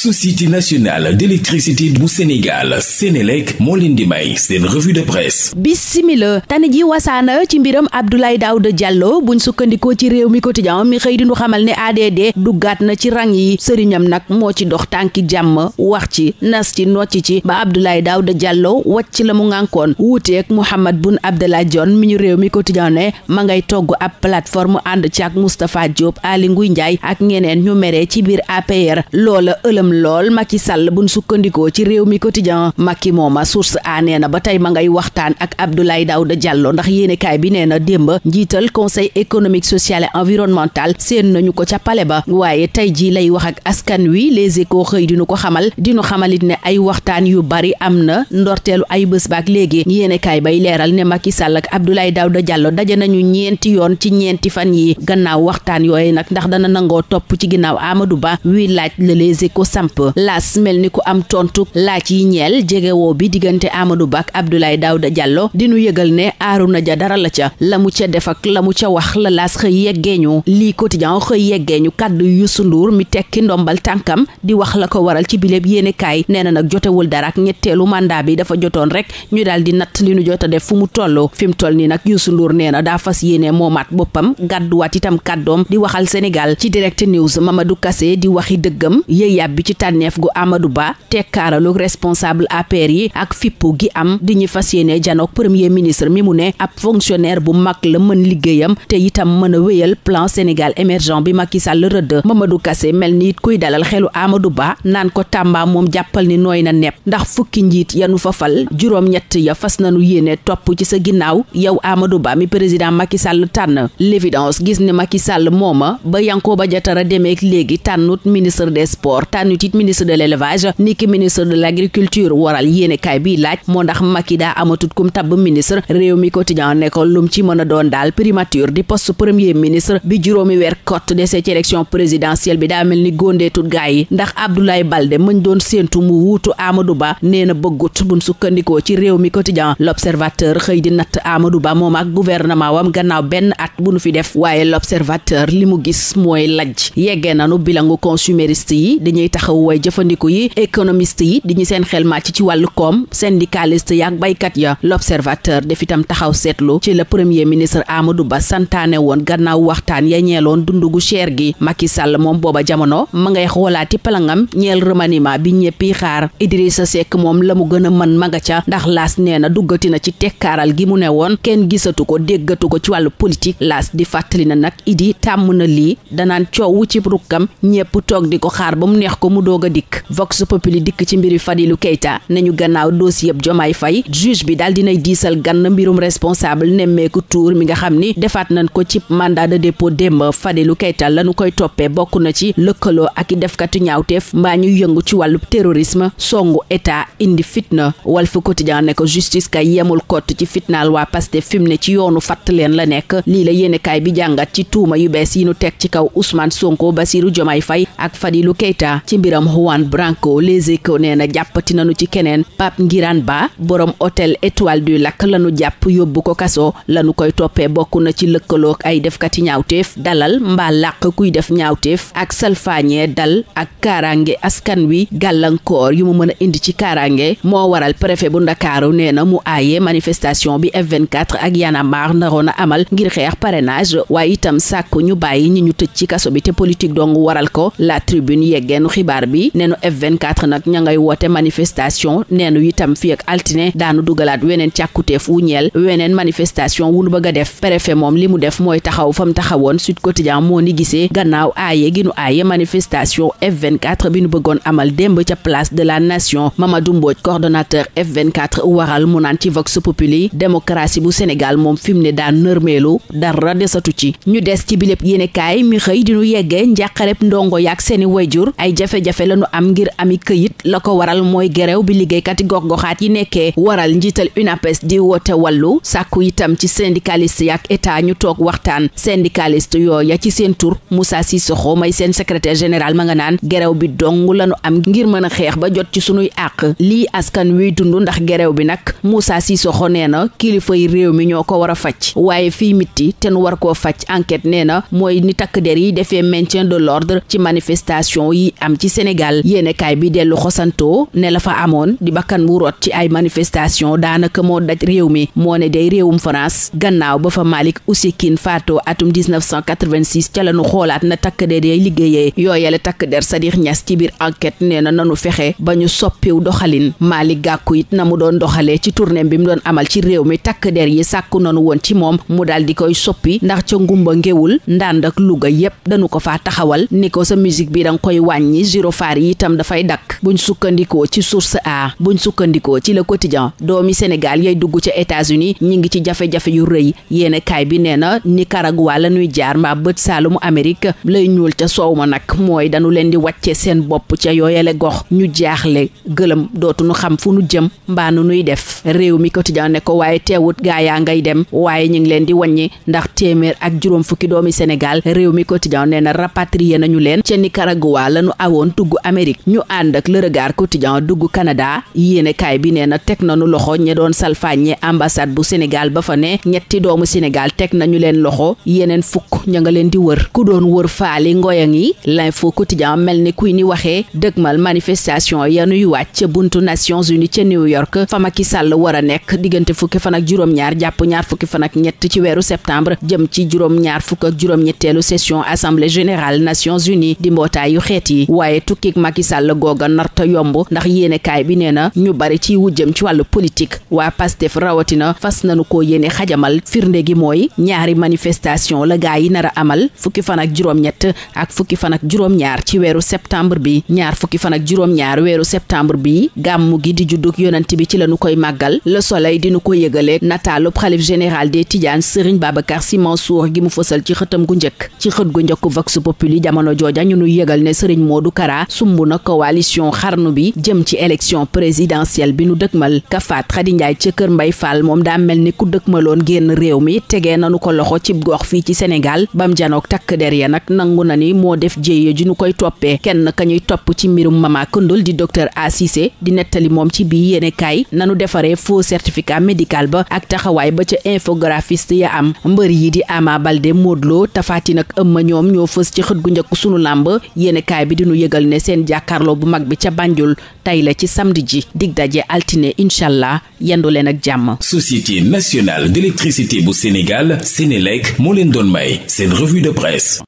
société nationale d'électricité bu Sénégal Sénélec moo leen di may seen revue de presse bisimila tani ji wasaana ci mbiram Abdoulaye Daouda Diallo buñ sukkandikoo ci réew mi quotidien mi xëy di nu xamal ne ADD duggaat na ci rang yi sëriñam nag moo ci dox tànki jàmm wax ci nas ci nocc ci ba Abdoulaye Daouda Diallo wàcc la mu ngànkoon wuuteeg Mouhamed Boun Abdallah Dionne mi ñu réew mi quotidien ne ma ngay togg ab plateforme ànd ci ak Moustapha Diop Ali Ndiaye ak ñeneen ñu meree ci biir jëm lool Macky Sall buñ sukkandikoo ci réew mi quotidien Macky mooma source a nee na ba tey ma ngay waxtaan ak Abdoulaye Daouda Diallo ndax yéenekaay bi nee na démb njiital conseil économique social et environnemental seen nañu ko ca pale ba waaye tey ji lay wax ak askan wi les échos xëy dinu ko xamal dinu xamalit ne ay waxtaan yu bari am na ndorteelu ay bés baak léegi yéenekaay bay leeral ne Macky Sall ak Abdoulaye Daouda Diallo daje nañu ñeenti yoon ci ñeenti fan yi gannaaw samp laas mel ni ku am tontu laaj yi ñeel jegewoo bi diggante Amadou Ba ak Abdoulaye Daouda Diallo di nu yëgal ne na ja dara la ca la mu ca def ak la mu ca wax la laas xëy yeggeeñu lii quotidien xëy yeggeeñu kàddu Youssou Ndour mi tekki ndombal tànkam di wax la ko waral ci biléb yéenekaay nee na nag jotewul dara ak ñetteelu mandat bi dafa jotoon rek ñu daal di natt li nu jota def fu mu toll fi mu toll nii nag Youssou Ndour nee na daa fas yéene moomaat boppam gàdduwaat itam kàddoom di ci tànneef gu Amadou Ba tekkaaralug responsable APR yi ak fippu gi am di ñu fas yéene janook premier ministre mi mu ne ab fonctionnaire bu mag la mën liggéeyam te itam mën a wéyal plan Sénégal émergent bi Macky Sall rëdd Mamadou Kassé mel ni kuy dalal xelu Amadou Ba naan ko Tamba moom jàppal ni nooy na nepp ndax fukki njiit ya fa fal juróom-ñett ya fas nanu yéene topp ci sa ginnaaw yow Amadou Ba mi président Macky Sall tànn l'évidence gis ne Macky it ministre de l'élevage ni ki ministre de l'agriculture waral yéene kaay bi laaj moo ndax Macky daa amatut kum tabb ministre réew mi quotidien ne ko lum ci mën a doon daal primature di poste premier ministre bi juróomi weer cote de cette élection présidentielle bi daa mel ni góondeetut gaa yi ndax Abdoulaye Balde mañ doon séentu mu wuutu amadu Ba nee na bëggut buñ sukkandikoo ci réew mi quotidien l'observateur xëy di natt Amadou Ba moom ak gouvernement wam gannaaw benn at bu nu fi def waaye l'observateur li mu gis mooy lajj yeggee nanu bilangu consumériste yi dañuy taxawu way jëfandiku yi économiste yi di ñu seen xel màcc ci wàllu koom syndicaliste yaak baykat ya l'observateur def itam taxaw seetlu ci la premier ministre Amadou Ba santaane woon gannaaw waxtaan ya ñeeloon dundugu cher gi Macky Sall moom booba jamono ma ngay xoolaati palangam ñeel remaniement bi ñëppi xaar Idrissa Seck moom la mu gën a mën ma nga ca ndax laas nee na duggati na ci tekkaaral gi mu ne woon kenn gisatu ko déggatu ko ci wàllu politique laas di fàttali na na lii danaan mu doog a dikk vox populi dikk ci mbiri Fadilou Keita nañu gannaaw dossier yëpp jomaay fay juge bi daal dinay diisal gann mbirum responsable nemmeeku tuur mi nga xam ni defaat nañ ko ci mandat de dépôt démb Fadilou Keita lañu koy toppee bokk na ci lëkkaloo ak i defkatu ñaawteef mbaa ñu yëngu ci wàllu terrorisme songu état indi fitna Walf Quotidien ne ko justice kay yemul kott ci fitnaal waa Pastef fi mu ne ci yoonu fatt leen la nekk lii la yéenekaay bi jàngat ci tuuma yu yi nu teg ci kaw Ousmane Sonko mbiram Juan Branco Les Échos nee na jàppati nañu ci keneen Pape Ngiraan Ba boroom hôtel Étoile du Lac lañu jàpp yóbbu ko kaso lañu koy toppee bokk na ci lëkkaloog ay defkati ñaawteef dalal mbaa làq kuy def ñaawteef ak salfaañee dal ak kaaraange askan wi gàllankoor yu mu mën a indi ci kaaraange moo waral préfet bu Ndakaaru nee na mu aaye manifestation bi F24 ak Y'en a marre amal ngir xeex parrainage waaye itam sàkk ñu bàyyi ñu tëj ci kaso bi te politique dong waral xibaar bi neenu F24 nag ña ngay woote manifestation neenu itam fi ak altine daanu dugalaat weneen càkkuteef wu ñeel weneen manifestation wu nu bëgg def préfet moom li mu def mooy taxaw fam taxawoon Sud Quotidien moo ni gisee gannaaw aaye gi nu aaye manifestation F24 bi nu bëggoon amal démb ca place de la nation Mamadou Mbodj coordonnateur F24 waral mu naan ci Vox Populi démocratie bu Sénégal moom fi mu ne daan nërmeelu dara desatu ci ñu des ci bilép yéene jafe-jafe la ñu am ngir ami këyit la ko waral mooy gerew bi liggéeykat yi gox-goxaat yi nekkee waral njiital UNAPES di woote wallu sàkku itam ci syndicaliste yi ak état ñu toog waxtaan syndicaliste yooya ci seen tur Moussa Sissoko may seen secretaire général ma nga naan gerew bi dong la ñu am ngir mën a xeex ba jot ci sunuy àq lii askan wiy dundu ndax gerew bi nag Moussa Sissoko nee na kilifay réew mi ñoo ko war a faj waaye fii mitti te war koo faj enquête nee na mooy ni yi defee Sénégal yéenekaay bi dellu xosantoo ne la fa amoon di bakkan bu rot ci ay manifestation daanaka moo daj réew mi moo ne day réewum France gannaaw ba fa Malick Oussekine faatoo atum 1986 ca lañu xoolaat na takk der yay liggéeyee yooyale takk der Sadikh Niass ci biir enquête nee na nanu fexe ba ñu soppiw doxalin Malick Gakou yit na mu doon doxalee ci tournée bi mu doon amal ci réew mi takk der yi sàkku nanu woon ci moom mu dal di koy soppi ndax ca ngumba ngéwul ndànd ak Louga yépp gyrophares yi itam dafay dakk buñ sukkandikoo ci source a buñ sukkandikoo ci la le quotidien doomi Sénégal yay dugg ca États-Unis ñi ngi ci jafe-jafe yu rëy yéene bi nee na Nicaragua la ñuy jaar mbaa bët saalumu Amérique lay ñuul ca soow ma nag mooy dañu leen di wàcce seen bopp ca yooyale gox ñu jaaxle gëlëm dootuñu xam fu nu jëm mbaa nu nuy def réew mi quotidien ne ko waaye teewut gaa yaa ngay dem waaye ñu ngi leen di wàññi ndax téeméer ak juróom fukki doomi Sénégal réew mi quotidien doon tugg Amérique ñu ànd ak le regard quotidien dugg Canada yéenekaay bi nee na teg nanu loxo ñe doon salfaañe ambassade bu Sénégal ba fa ne ñetti doomu Sénégal teg nañu leen loxo yeneen fukk ña nga leen di wër ku doon wër faali ngoyang yi l'info quotidien mel ni kuy ni waxee dëgmal manifestation yanuy wàcc ca buntu Nations Unies ca New York fa Macky Sall war a nekk diggante fukki fan ak juróom-ñaar jàpp ñaar fukki fan ak ñett ci weeru septembre jëm ci juróom-ñaar fukk ak juróom-ñetteelu session assemblée générale Nations di mbootaayu xeet waaye tukki Macky Sall googa narta yomb ndax yéenekaay bi nee na ñu bari ci wujjëm ci wàllu politique waa Pastef rawatina fas nañu ko yéene xajamal firnde gi mooy ñaari manifestation la gaa yi nar a amal fukki fan ak juróom-ñett ak fukki fan ak juróom ci weeru septembre bi ñaar fukki fan ak juróom weeru septembre bi gàmmu gi di juddug yonent bi ci lañu koy màggal la Soleil dinu ko yëgale nataalub xalif général des Tidianes sëriñ Babacar Sy Mansour gi mu fësal ci xëtam gu njëkk ci xët gu njëkk Vox Populi jamono jooja ñu nu yëgal ne Serigne Modou Camara sumb na coalition xarnu bi jëm ci élection présidentielle bi nu dëkmal kafaat Xadi Njaay ca kër Mbay Fall moom daa mel ni ku dëkmaloon génn réew mi tegee nanu ko loxo ci gox fii ci Sénégal bam janook takk der ya nag nangu na ni moo def jéye ju ñu koy toppee kenn ka ñuy topp ci mbirum Mama Këndul di docteur A di nettali moom ci biir yéene nanu defaree faux certificat médical ba ak taxawaay ba ca infographiste ya am mbër yi di Ama Baldé Modou Lô nag ëmma ñoom ñoo yëgal ne seen jàkkaarloo bu mag bi ca Banjul tey la ci samd ji dig daje altine incha allah yendu leen ak jàmm. Société nationale d'électricité bu Sénégal Sénélec moo leen doon may seen revue de presse.